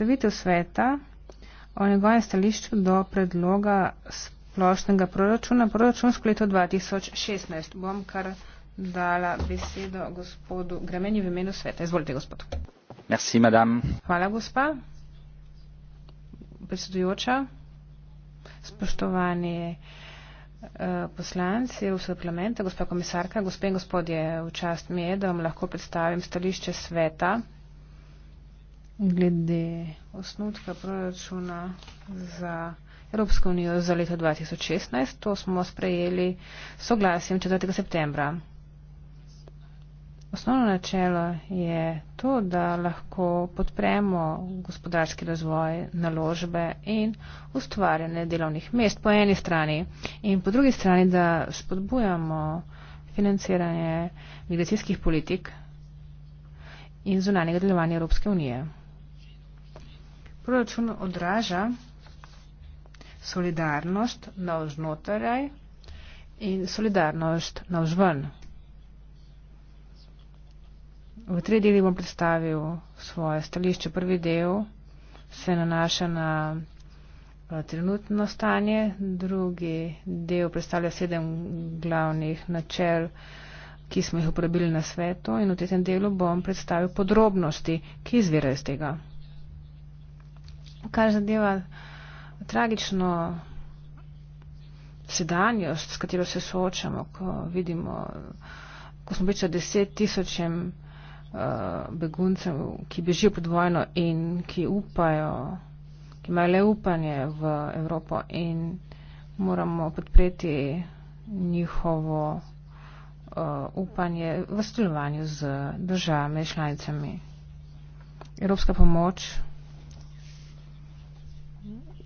predstavitev sveta o njegovem stališču do predloga splošnega proračuna proračunsko leto 2016. Bom kar dala besedo gospodu Gremeni v imenu sveta. Izvolite, gospod. Merci, madame. Hvala, gospa. Predsedujoča, spoštovani eh, poslanci Evropskega parlamenta, gospa komisarka, gospe in gospodje, v čast mi je, da vam lahko predstavim stališče sveta glede osnutka proračuna za Evropsko unijo za leto 2016. To smo sprejeli soglasjem 4. septembra. Osnovno načelo je to, da lahko podpremo gospodarski razvoj, naložbe in ustvarjanje delovnih mest po eni strani in po drugi strani, da spodbujamo financiranje migracijskih politik in zunanjega delovanja Evropske unije. Proračun odraža solidarnost navznotraj in solidarnost navzven. V tretji deli bom predstavil svoje stališče. Prvi del se nanaša na eh, trenutno stanje, drugi del predstavlja sedem glavnih načel, ki smo jih uporabili na svetu in v tretjem delu bom predstavil podrobnosti, ki izvirajo iz tega kar zadeva tragično sedanjost, s katero se soočamo, ko vidimo, ko smo priča deset tisočem eh, beguncem, ki bežijo pod vojno in ki upajo, ki imajo le upanje v Evropo in moramo podpreti njihovo uh, upanje v sodelovanju z državami, članicami. Evropska pomoč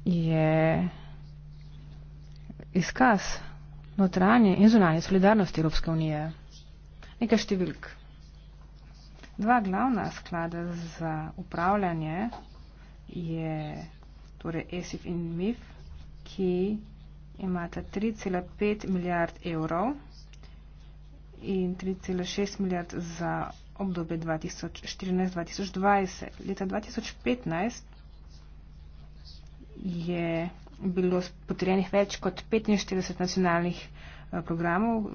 je izkaz notranje in zunanje solidarnosti Evropske unije. Nekaj številk. Dva glavna sklada za upravljanje je torej ESIF in MIF, ki imata 3,5 milijard evrov in 3,6 milijard za obdobje 2014-2020. Leta 2015 je bilo potrjenih več kot 45 nacionalnih eh, programov,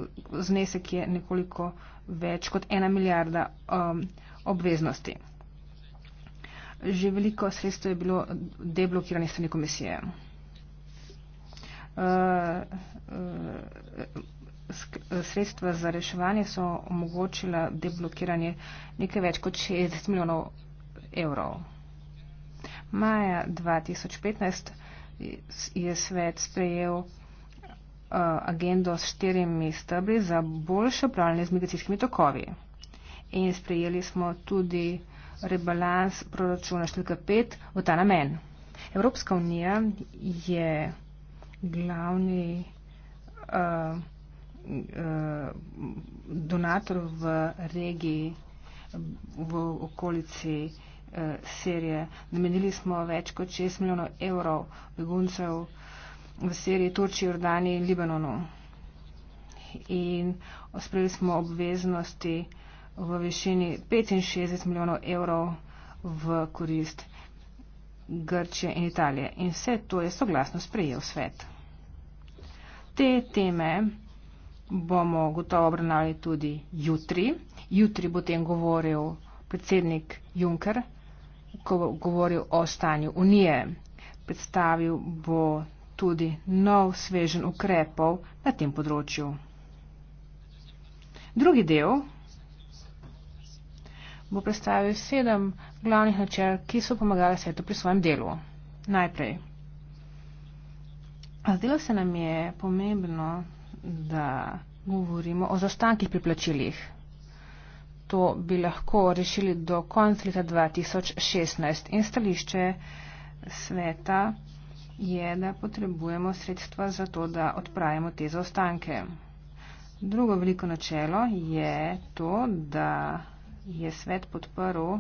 znesek je nekoliko več kot ena milijarda um, obveznosti. Že veliko sredstvo je bilo deblokirane strani komisije. Uh, uh, sredstva za reševanje so omogočila deblokiranje nekaj več kot 60 milijonov evrov maja 2015 je svet sprejel eh, agendo s štirimi stebri za boljše upravljanje z migracijskimi tokovi. In sprejeli smo tudi rebalans proračuna številka 5 v ta namen. Evropska unija je glavni uh, uh, donator v regiji v okolici Eh, Sirije. Namenili smo več kot 6 milijonov evrov beguncev v Siriji, Turčiji, Jordaniji in Libanonu. In sprejeli smo obveznosti v višini 65 milijonov evrov v korist Grčije in Italije. In vse to je soglasno sprejel svet. Te teme bomo gotovo obravnavali tudi jutri. Jutri bo tem govoril predsednik Juncker govoril o stanju Unije. Predstavil bo tudi nov svežen ukrepov na tem področju. Drugi del bo predstavil sedem glavnih načel, ki so pomagali svetu pri svojem delu. Najprej. Zdelo se nam je pomembno, da govorimo o zastankih pri plačilih to bi lahko rešili do konca leta 2016. In stališče sveta je, da potrebujemo sredstva za to, da odpravimo te zaostanke. Drugo veliko načelo je to, da je svet podprl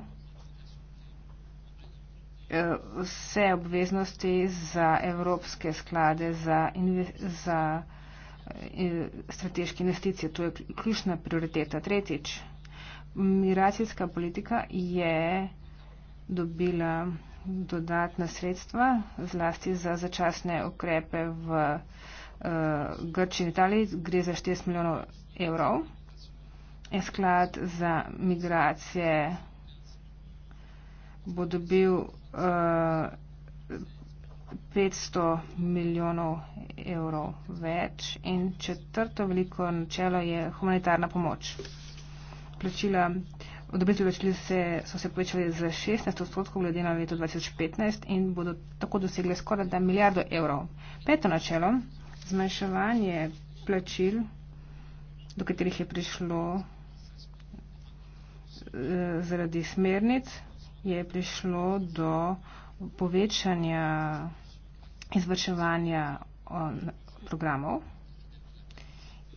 eh, vse obveznosti za evropske sklade za, za eh, strateške investicije. To je ključna prioriteta. Tretjič migracijska politika je dobila dodatna sredstva, zlasti za začasne ukrepe v uh, eh, Grči in Italiji, gre za 40 milijonov evrov. En sklad za migracije bo dobil uh, eh, 500 milijonov evrov več in četrto veliko načelo je humanitarna pomoč plačila, odobritve plačila se, so se povečali za 16 odstotkov glede na leto 2015 in bodo tako dosegli skoraj da milijardo evrov. Peto načelo, zmanjševanje plačil, do katerih je prišlo eh, zaradi smernic, je prišlo do povečanja izvrševanja eh, programov.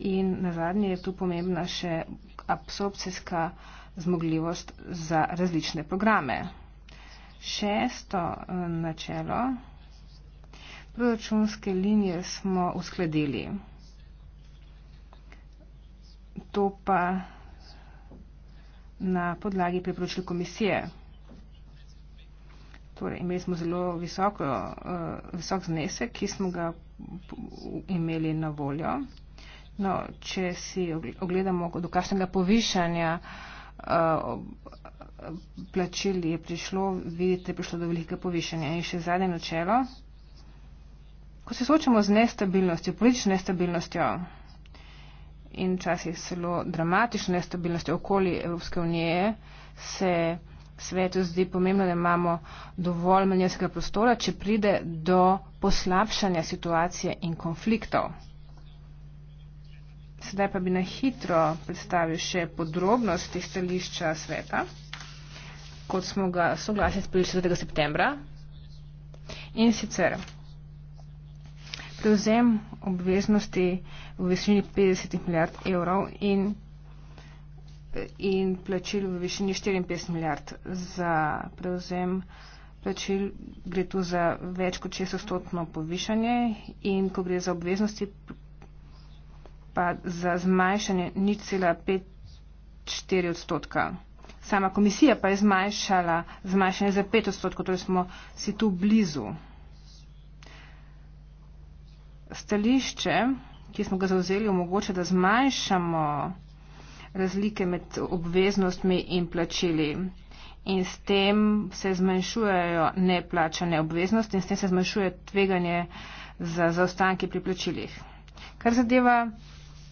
In na zadnje je tu pomembna še absorpcijska zmogljivost za različne programe. Šesto eh, načelo. Proračunske linije smo uskladili. To pa na podlagi priporočil komisije. Torej, imeli smo zelo visoko, eh, visok znesek, ki smo ga imeli na voljo. No, če si ogledamo, do kakšnega povišanja eh, plačil je prišlo, vidite, prišlo do velike povišanja. In še zadnje načelo. Ko se soočamo z nestabilnostjo, politično nestabilnostjo in čas je zelo dramatično nestabilnostjo okoli Evropske unije, se svetu zdi pomembno, da imamo dovolj manjerskega prostora, če pride do poslabšanja situacije in konfliktov sedaj pa bi na hitro predstavil še podrobnosti stališča sveta, kot smo ga soglasili 4. septembra. In sicer prevzem obveznosti v višini 50 milijard evrov in, in plačil v višini 54 milijard za prevzem plačil, gre tu za več kot 600-stotno povišanje in ko gre za obveznosti pa za zmanjšanje ni cela 54 odstotka. Sama komisija pa je zmanjšala zmanjšanje za 5 odstotkov, torej smo si tu blizu. Stališče, ki smo ga zauzeli, omogoča, da zmanjšamo razlike med obveznostmi in plačili. In s tem se zmanjšujejo neplačane obveznosti in s tem se zmanjšuje tveganje za zaostanke pri plačilih. Kar zadeva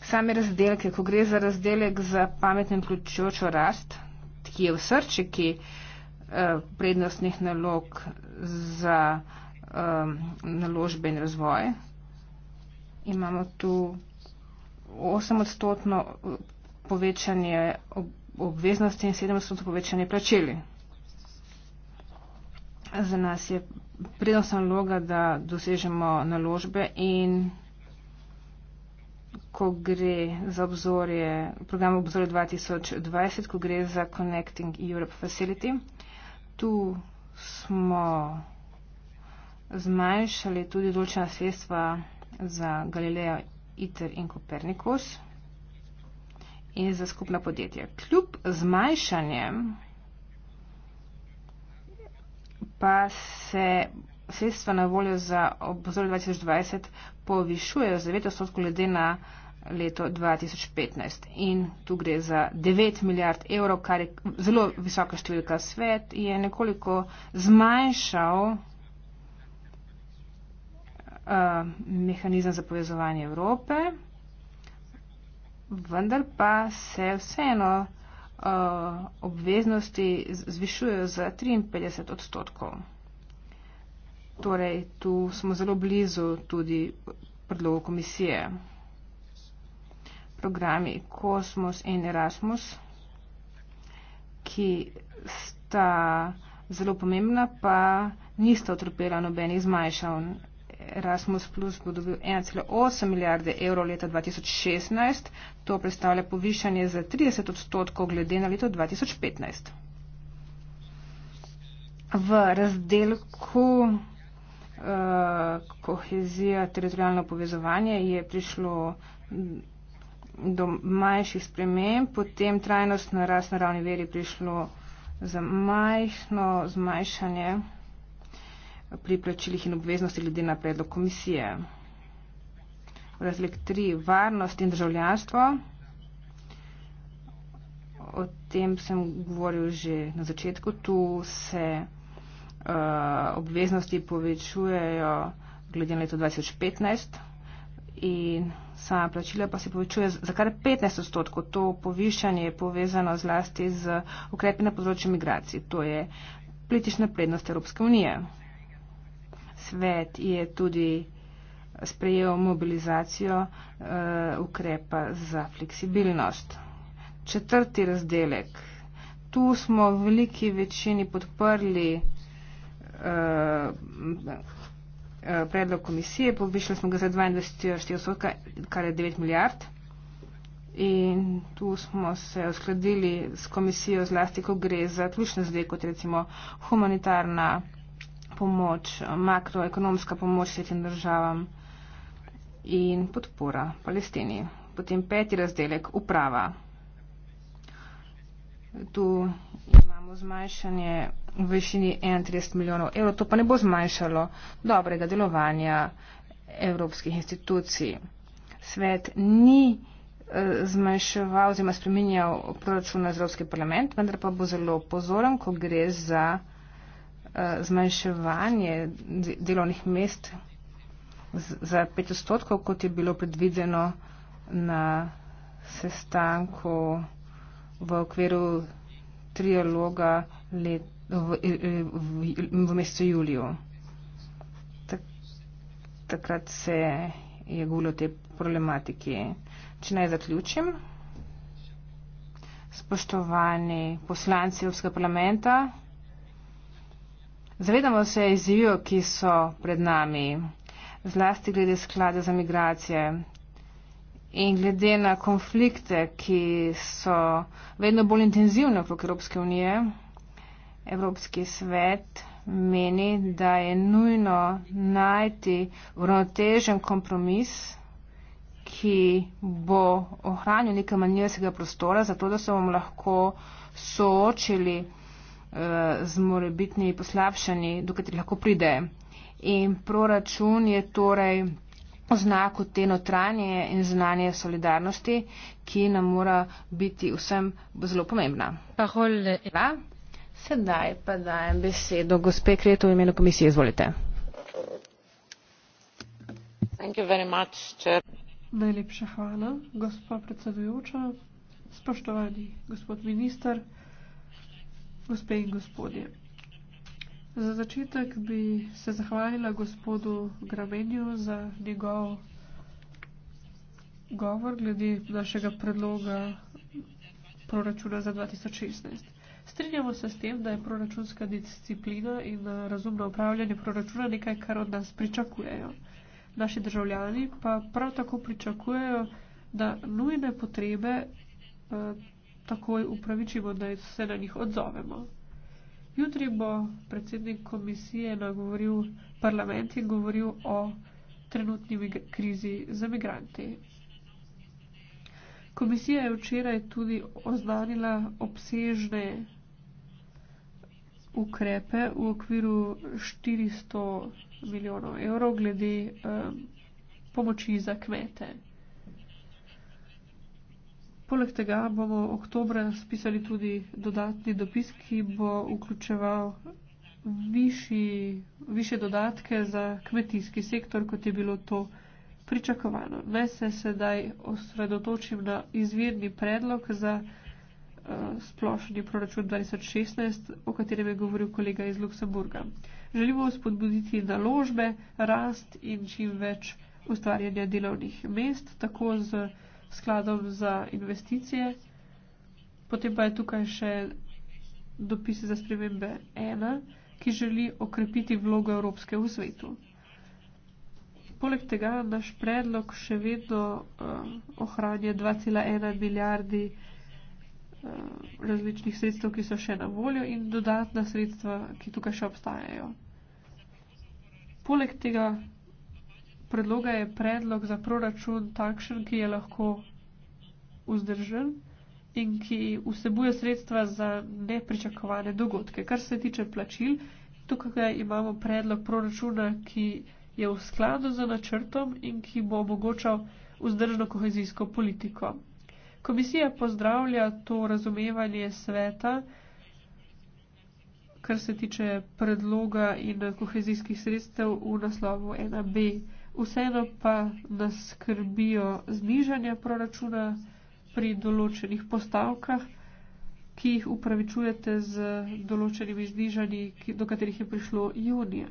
Same razdelke, ko gre za razdelek za pametno in vključujočo rast, ki je v srčiki eh, prednostnih nalog za eh, naložbe in razvoj, imamo tu 8 odstotno eh, povečanje obveznosti in 7 odstotno povečanje plačili. Za nas je prednostna naloga, da dosežemo naložbe in ko gre za obzorje, program obzorja 2020, ko gre za Connecting Europe Facility. Tu smo zmanjšali tudi določena sredstva za Galileo, ITER in Kopernikus in za skupna podjetja. Kljub zmanjšanjem pa se sredstva na voljo za obzor 2020 povišujejo za 9 odstotkov glede na leto 2015. In tu gre za 9 milijard evrov, kar je zelo visoka številka. Svet je nekoliko zmanjšal uh, mehanizem za povezovanje Evrope, vendar pa se vseeno uh, obveznosti zvišujejo za 53 odstotkov. Torej, tu smo zelo blizu tudi predlogu komisije programi Kosmos in Erasmus, ki sta zelo pomembna, pa nista otrpela nobenih zmanjšav. Erasmus Plus bo dobil 1,8 milijarde evrov leta 2016. To predstavlja povišanje za 30 odstotkov glede na leto 2015. V razdelku uh, kohezija teritorijalno povezovanje je prišlo do manjših sprememb, potem trajnostna rast na ravni veri prišlo za majhno zmanjšanje pri plačilih in obveznosti glede na predlog komisije. Razlik 3. Varnost in državljanstvo. O tem sem govoril že na začetku. Tu se uh, obveznosti povečujejo glede na leto 2015 in sama plačila pa se povečuje za kar 15 odstotkov. To povišanje je povezano zlasti z ukrepi na področju migracij. To je politična prednost Evropske unije. Svet je tudi sprejel mobilizacijo uh, ukrepa za fleksibilnost. Četrti razdelek. Tu smo v veliki večini podprli uh, Eh, predlog komisije, povišali smo ga za 22,4 odstotka, kar je 9 milijard. In tu smo se uskladili s komisijo zlasti, ko gre za ključne zdaj, kot recimo humanitarna pomoč, makroekonomska pomoč svetim državam in podpora Palestini. Potem peti razdelek, uprava. Tu imamo bo zmanjšanje v višini 31 milijonov evrov, to pa ne bo zmanjšalo dobrega delovanja evropskih institucij. Svet ni eh, zmanjševal oziroma spreminjal proračuna Evropski parlament, vendar pa bo zelo pozoren, ko gre za eh, zmanjševanje delovnih mest za 5 odstotkov, kot je bilo predvideno na sestanku v okviru trialoga let, v, v, v, v mesecu juliju. Tak, takrat se je govorilo o tej problematiki. Če naj zaključim. Spoštovani poslanci Evropskega parlamenta, zavedamo se izzivov, ki so pred nami, zlasti glede sklada za migracije. In glede na konflikte, ki so vedno bolj intenzivne okrog Evropske unije, Evropski svet meni, da je nujno najti uravnotežen kompromis, ki bo ohranil nekaj manjjega prostora, zato da se bomo lahko soočili eh, z morebitnimi poslabšanji, do katerih lahko pride. In proračun je torej oznako te notranje in znanje solidarnosti, ki nam mora biti vsem zelo pomembna. Hvala. Sedaj pa dajem besedo gospe Kreto v imenu komisije. Izvolite. Najlepša hvala, gospa predsedujoča, spoštovani gospod minister, gospe in gospodje. Za začetek bi se zahvalila gospodu Gramenju za njegov govor glede našega predloga proračuna za 2016. Strinjamo se s tem, da je proračunska disciplina in eh, razumno upravljanje proračuna nekaj, kar od nas pričakujejo. Naši državljani pa prav tako pričakujejo, da nujne potrebe eh, takoj upravičimo, da se na njih odzovemo. Jutri bo predsednik komisije nagovoril parlament in govoril o trenutni krizi za migranti. Komisija je včeraj tudi oznanila obsežne ukrepe v okviru 400 milijonov evrov glede um, pomoči za kmete. Poleg tega bomo v oktobra spisali tudi dodatni dopis, ki bo vključeval višji, više dodatke za kmetijski sektor, kot je bilo to pričakovano. Naj se sedaj osredotočim na izvirni predlog za uh, splošni proračun 2016, o katerem je govoril kolega iz Luksemburga. Želimo spodbuditi naložbe, rast in čim več ustvarjanja delovnih mest, tako z skladom za investicije. Potem pa je tukaj še dopis za spremembe ena, ki želi okrepiti vlogo Evropske v svetu. Poleg tega naš predlog še vedno uh, ohranja 2,1 milijardi uh, različnih sredstev, ki so še na voljo in dodatna sredstva, ki tukaj še obstajajo. Poleg tega predloga je predlog za proračun takšen, ki je lahko vzdržen in ki vsebuje sredstva za nepričakovane dogodke. Kar se tiče plačil, tukaj imamo predlog proračuna, ki je v skladu z načrtom in ki bo omogočal vzdržno kohezijsko politiko. Komisija pozdravlja to razumevanje sveta, kar se tiče predloga in kohezijskih sredstev v naslovu 1b vseeno pa nas skrbijo znižanja proračuna pri določenih postavkah, ki jih upravičujete z določenimi znižanji, do katerih je prišlo junija.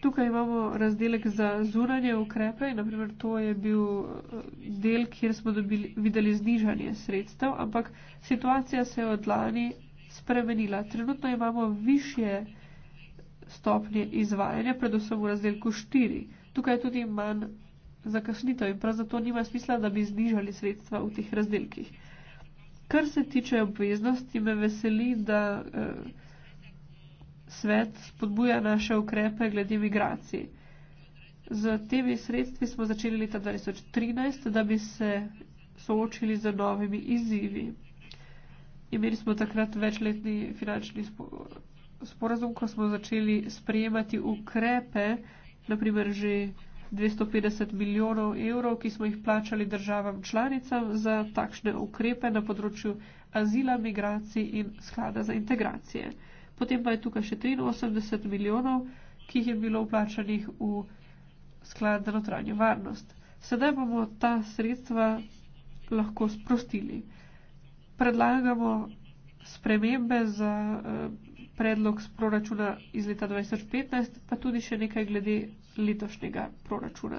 Tukaj imamo razdelek za zunanje ukrepe in naprimer to je bil eh, del, kjer smo dobili, videli znižanje sredstev, ampak situacija se je od lani spremenila. Trenutno imamo više stopnje izvajanja, predvsem v razdelku 4. Tukaj je tudi manj zakasnitev in prav zato nima smisla, da bi znižali sredstva v teh razdelkih. Kar se tiče obveznosti, me veseli, da eh, svet spodbuja naše ukrepe glede migracij. Z temi sredstvi smo začeli leta 2013, da bi se soočili z novimi izzivi. Imeli smo takrat večletni finančni spogled sporazum, ko smo začeli sprejemati ukrepe, naprimer že 250 milijonov evrov, ki smo jih plačali državam članicam za takšne ukrepe na področju azila, migracij in sklada za integracije. Potem pa je tukaj še 83 milijonov, ki jih je bilo vplačanih v sklad za notranjo varnost. Sedaj bomo ta sredstva lahko sprostili. Predlagamo spremembe za eh, predlog z proračuna iz leta 2015, pa tudi še nekaj glede letošnjega proračuna.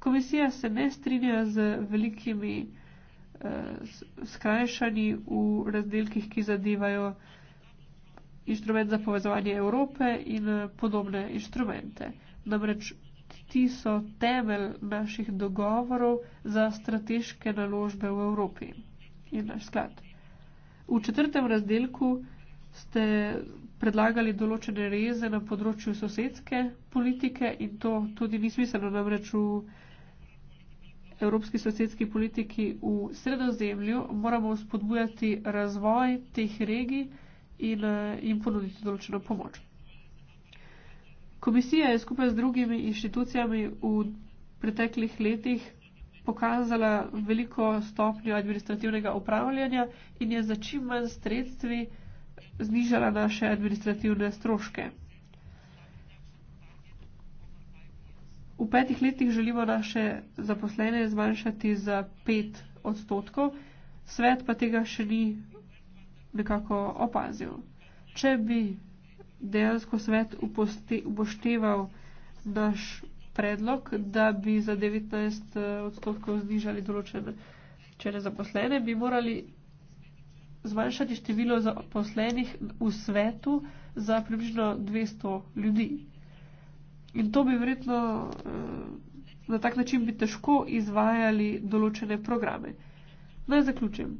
Komisija se ne strinja z velikimi eh, skrajšanji v razdelkih, ki zadevajo inštrument za povezovanje Evrope in eh, podobne inštrumente. Namreč ti so temelj naših dogovorov za strateške naložbe v Evropi in naš sklad. V četrtem razdelku ste predlagali določene reze na področju sosedske politike in to tudi ni smiselno namreč v evropski sosedski politiki v sredozemlju. Moramo spodbujati razvoj teh regij in eh, jim ponuditi določeno pomoč. Komisija je skupaj z drugimi inštitucijami v preteklih letih pokazala veliko stopnjo administrativnega upravljanja in je za čim manj sredstvi znižala naše administrativne stroške. V petih letih želimo naše zaposlene zmanjšati za pet odstotkov, svet pa tega še ni nekako opazil. Če bi dejansko svet upošteval naš predlog, da bi za 19 eh, odstotkov znižali določene čele zaposlene, bi morali zmanjšati število zaposlenih v svetu za približno 200 ljudi. In to bi verjetno eh, na tak način bi težko izvajali določene programe. Naj zaključim.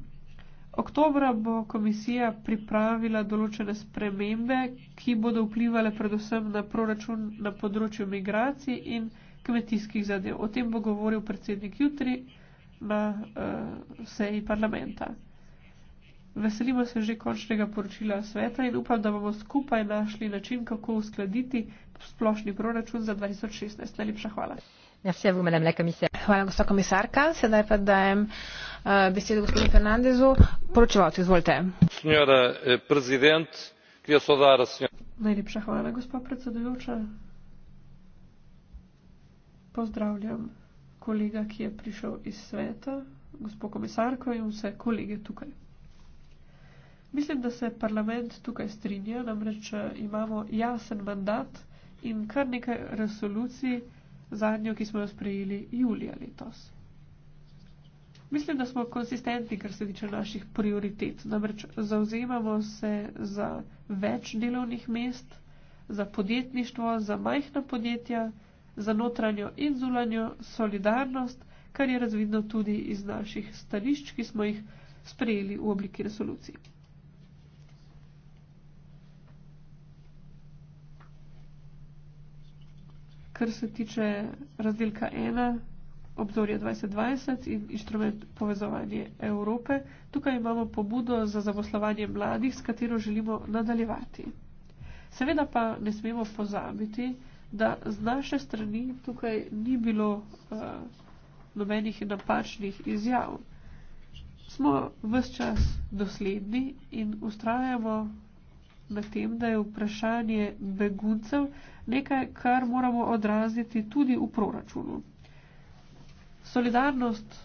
Oktobra bo komisija pripravila določene spremembe, ki bodo vplivali predvsem na proračun na področju migracij in kmetijskih zadev. O tem bo govoril predsednik jutri na uh, seji parlamenta. Veselimo se že končnega poročila sveta in upam, da bomo skupaj našli način, kako uskladiti splošni proračun za 2016. Najlepša hvala. Hvala, gospod komisarka. Sedaj pa dajem eh, besedo gospodu Fernandezu. Poročevalci, izvolite. Eh, Najlepša hvala, gospod predsedujoča. Pozdravljam kolega, ki je prišel iz sveta, gospod komisarko in vse kolege tukaj. Mislim, da se parlament tukaj strinja, namreč eh, imamo jasen mandat in kar nekaj resolucij, zadnjo, ki smo jo sprejeli julija letos. Mislim, da smo konsistentni, kar se tiče naših prioritet. Namreč zauzemamo se za več delovnih mest, za podjetništvo, za majhna podjetja, za notranjo in zulanjo solidarnost, kar je razvidno tudi iz naših stališč, ki smo jih sprejeli v obliki resolucij. kar se tiče razdelka 1, obzorje 2020 in inštrument povezovanje Evrope, tukaj imamo pobudo za zaposlovanje mladih, s katero želimo nadaljevati. Seveda pa ne smemo pozabiti, da z naše strani tukaj ni bilo uh, nobenih napačnih izjav. Smo vse čas dosledni in ustrajamo medtem da je vprašanje beguncev nekaj, kar moramo odraziti tudi v proračunu. Solidarnost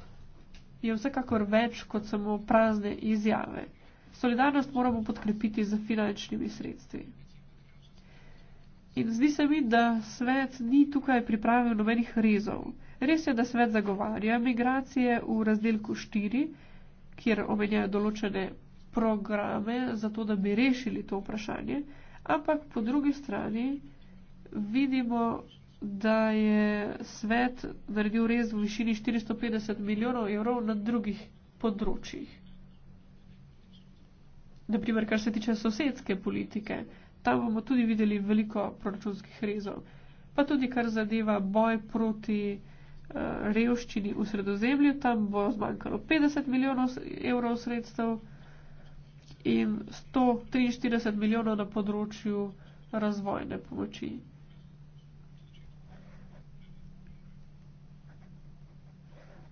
je vsekakor več kot samo prazne izjave. Solidarnost moramo podkrepiti z finančnimi sredstvi. In zdi se mi, da svet ni tukaj pripravil nobenih rezov. Res je, da svet zagovarja migracije v razdelku 4, kjer omenjajo določene programe za to, da bi rešili to vprašanje, ampak po drugi strani vidimo, da je svet naredil res v višini 450 milijonov evrov na drugih področjih. Naprimer, kar se tiče sosedske politike, tam bomo tudi videli veliko proračunskih rezov, pa tudi kar zadeva boj proti uh, revščini v sredozemlju, tam bo zmanjkalo 50 milijonov evrov sredstev in 143 milijonov na področju razvojne pomoči.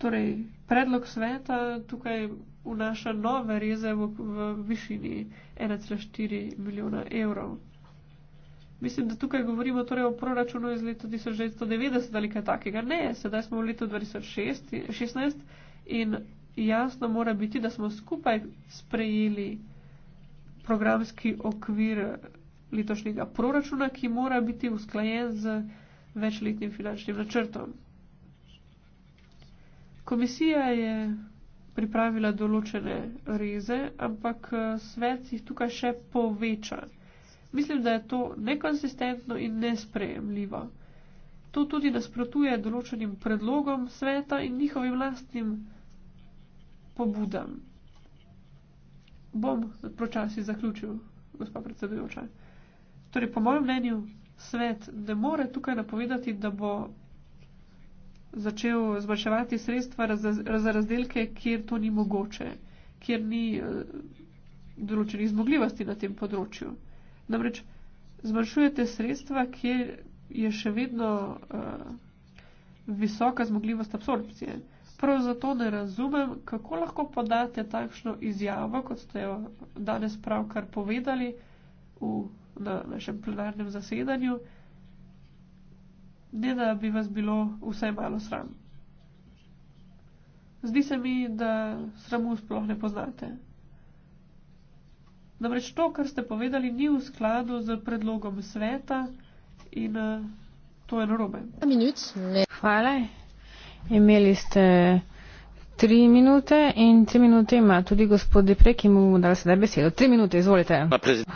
Torej, predlog sveta tukaj vnaša nove reze v, v višini 1,4 milijona evrov. Mislim, da tukaj govorimo torej o proračunu iz leta 1990 ali kaj takega. Ne, sedaj smo v letu 2016 in jasno mora biti, da smo skupaj sprejeli programski okvir letošnjega proračuna, ki mora biti usklajen z večletnim finančnim načrtom. Komisija je pripravila določene reze, ampak eh, svet jih tukaj še poveča. Mislim, da je to nekonsistentno in nesprejemljivo. To tudi nasprotuje določenim predlogom sveta in njihovim lastnim pobudam bom počasi zaključil, gospa predsedujoča. Torej, po mojem mnenju, svet ne more tukaj napovedati, da bo začel zmanjševati sredstva za razdelke, kjer to ni mogoče, kjer ni eh, določenih zmogljivosti na tem področju. Namreč zmanjšujete sredstva, kjer je še vedno uh, visoka zmogljivost absorpcije prav zato ne razumem, kako lahko podate takšno izjavo, kot ste jo danes pravkar povedali v, na našem plenarnem zasedanju, ne da bi vas bilo vse malo sram. Zdi se mi, da sramu sploh ne poznate. Namreč to, kar ste povedali, ni v skladu z predlogom sveta in uh, to je narobe. Hvala. Imeli ste tri minute in tri minute ima tudi gospod Deprek, ki mu bomo dali sedaj besedo. Tri minute, izvolite.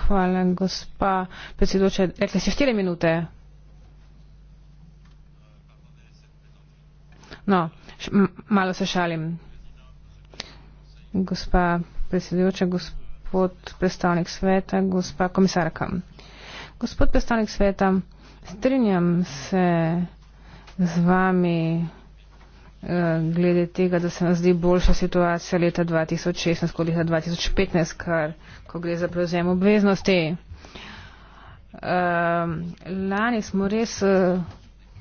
Hvala, gospa predsedoče. Rekli ste štiri minute. No, malo se šalim. Gospa predsedujoča, gospod predstavnik sveta, gospa komisarka. Gospod predstavnik sveta, strinjam se z vami, glede tega, da se nam zdi boljša situacija leta 2016 kot leta 2015, kar, ko gre za prevzem obveznosti. Ehm, lani smo res eh,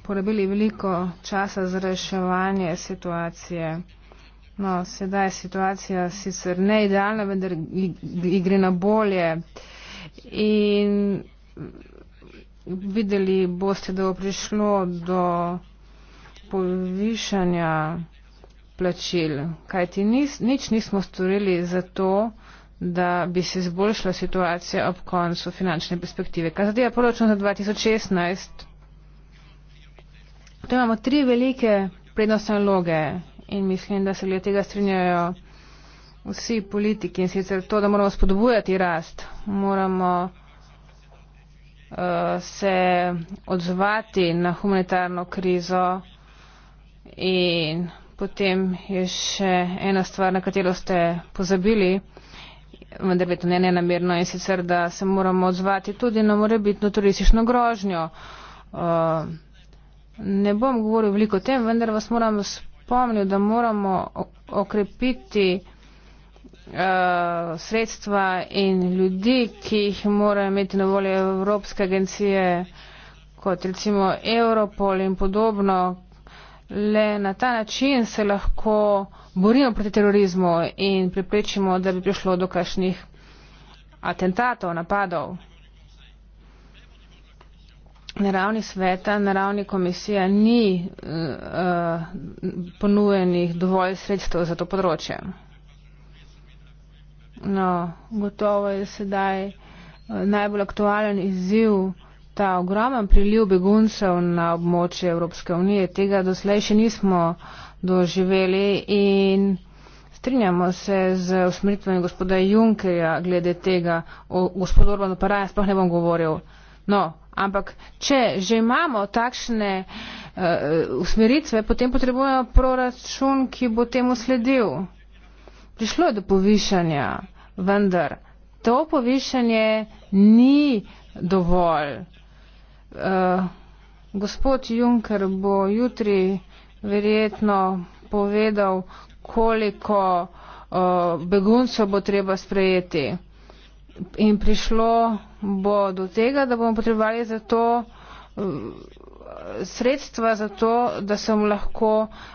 porabili veliko časa za reševanje situacije. No, sedaj je situacija sicer ne idealna, vendar igre na bolje. In videli boste, da bo prišlo do povišanja plačil, kajti nis, nič nismo storili za to, da bi se izboljšala situacija ob koncu finančne perspektive. Kar zadeva poročno za 2016, to imamo tri velike prednostne loge in mislim, da se glede tega strinjajo vsi politiki in sicer to, da moramo spodbujati rast, moramo uh, se odzvati na humanitarno krizo, In potem je še ena stvar, na katero ste pozabili, vendar je to ne nenamerno in sicer, da se moramo odzvati tudi na morebitno turistično grožnjo. Eh, ne bom govoril veliko o tem, vendar vas moram spomniti, da moramo okrepiti eh, sredstva in ljudi, ki jih morajo imeti na voljo Evropske agencije, kot recimo Europol in podobno, Le na ta način se lahko borimo proti terorizmu in preprečimo, da bi prišlo do kašnih atentatov, napadov. Na ravni sveta, na ravni komisije ni uh, ponujenih dovolj sredstev za to področje. No, gotovo je sedaj uh, najbolj aktualen izziv ta ogromen priliv beguncev na območje Evropske unije. Tega doslej še nismo doživeli in strinjamo se z usmeritvami gospoda Junkerja glede tega. O gospodu Orbanu pa raje sploh ne bom govoril. No, ampak če že imamo takšne uh, usmeritve, potem potrebujemo proračun, ki bo temu sledil. Prišlo je do povišanja, vendar to povišanje ni dovolj uh, gospod Juncker bo jutri verjetno povedal, koliko uh, beguncev bo treba sprejeti. In prišlo bo do tega, da bomo potrebovali za to eh, sredstva za to, da se bomo lahko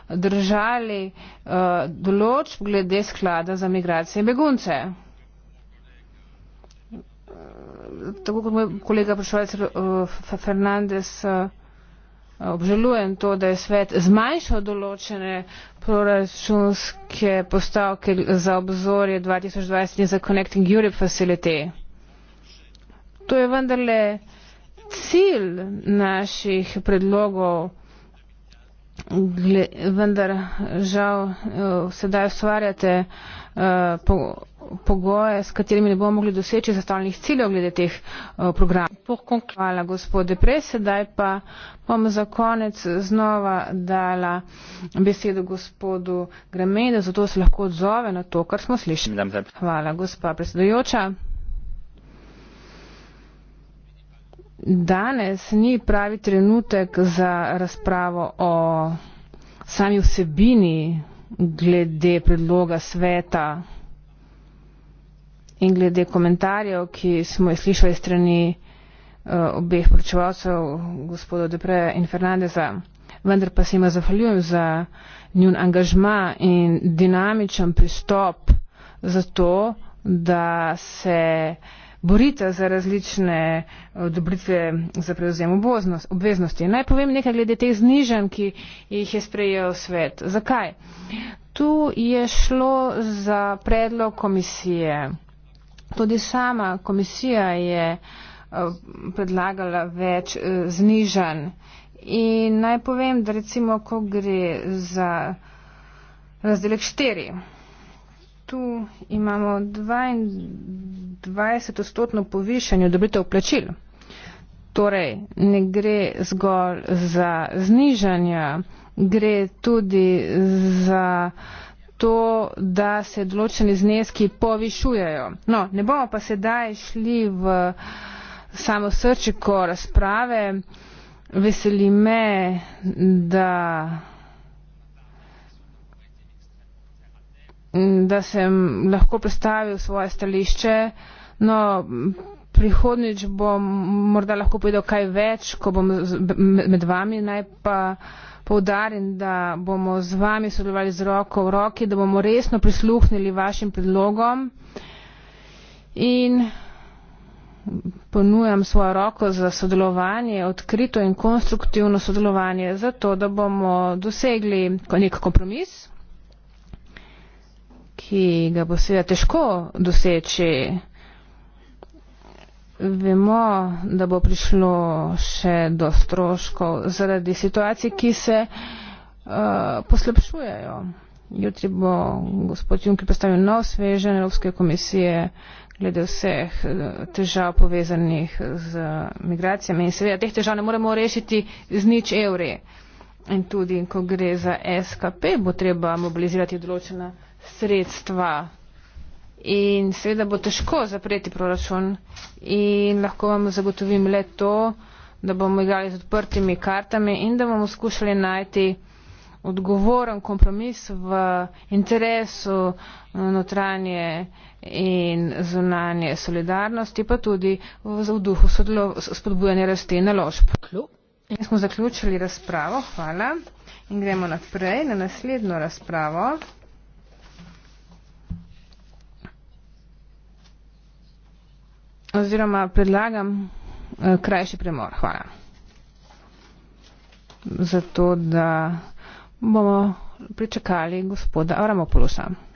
držali uh, določb glede sklada za migracije in begunce tako kot moj kolega poslovec eh, Fernandez, eh, obžalujem to, da je svet zmanjšal določene proračunske postavke za obzorje 2020 za Connecting Europe Facility. To je vendarle cilj naših predlogov, vendar žal eh, sedaj ustvarjate uh, pogoje, s katerimi ne bomo mogli doseči zastavljenih ciljev glede teh eh, programov. Hvala, gospode Prej, sedaj pa bom za konec znova dala besedo gospodu Gramede, zato se lahko odzove na to, kar smo slišali. Hvala, gospa predsedujoča. Danes ni pravi trenutek za razpravo o sami vsebini glede predloga sveta in glede komentarjev, ki smo jih slišali strani eh, obeh poročevalcev, gospoda Depreja in Fernandeza. Vendar pa se jima zahvaljujem za njun angažma in dinamičen pristop za to, da se borite za različne eh, odobritve za prevzem obveznosti. Naj povem nekaj glede teh znižen, ki jih je sprejel svet. Zakaj? Tu je šlo za predlog komisije Tudi sama komisija je eh, predlagala več eh, znižan. In naj povem, da recimo, ko gre za razdelek 4, tu imamo 22 odstotno povišanje dobitev plačil. Torej, ne gre zgolj za znižanja, gre tudi za to, da se določeni zneski povišujejo. No, ne bomo pa sedaj šli v samo srčiko razprave. Veseli me, da, da sem lahko predstavil svoje stališče. No, prihodnič bom morda lahko povedal kaj več, ko bom med vami najprej poudarim da bomo z vami sodelovali z roko v roki da bomo resno prisluhnili vašim predlogom in ponujam svojo roko za sodelovanje odkrito in konstruktivno sodelovanje zato da bomo dosegli nek kompromis ki ga bo seveda težko doseči Vemo, da bo prišlo še do stroškov zaradi situacij, ki se uh, eh, poslepšujejo. Jutri bo gospod Junker predstavil nov svežen Evropske komisije glede vseh eh, težav povezanih z migracijami. In seveda teh težav ne moremo rešiti z nič evre. In tudi, ko gre za SKP, bo treba mobilizirati določena sredstva in seveda bo težko zapreti proračun in lahko vam zagotovim le to, da bomo igrali z odprtimi kartami in da bomo skušali najti odgovoren kompromis v interesu eh, notranje in zunanje solidarnosti, pa tudi v, v duhu spodbujanja rasti naložb. In smo zaključili razpravo, hvala. In gremo naprej na naslednjo razpravo. oziroma predlagam eh, krajši premor. Hvala. Zato, da bomo pričakali gospoda Aramopolusa.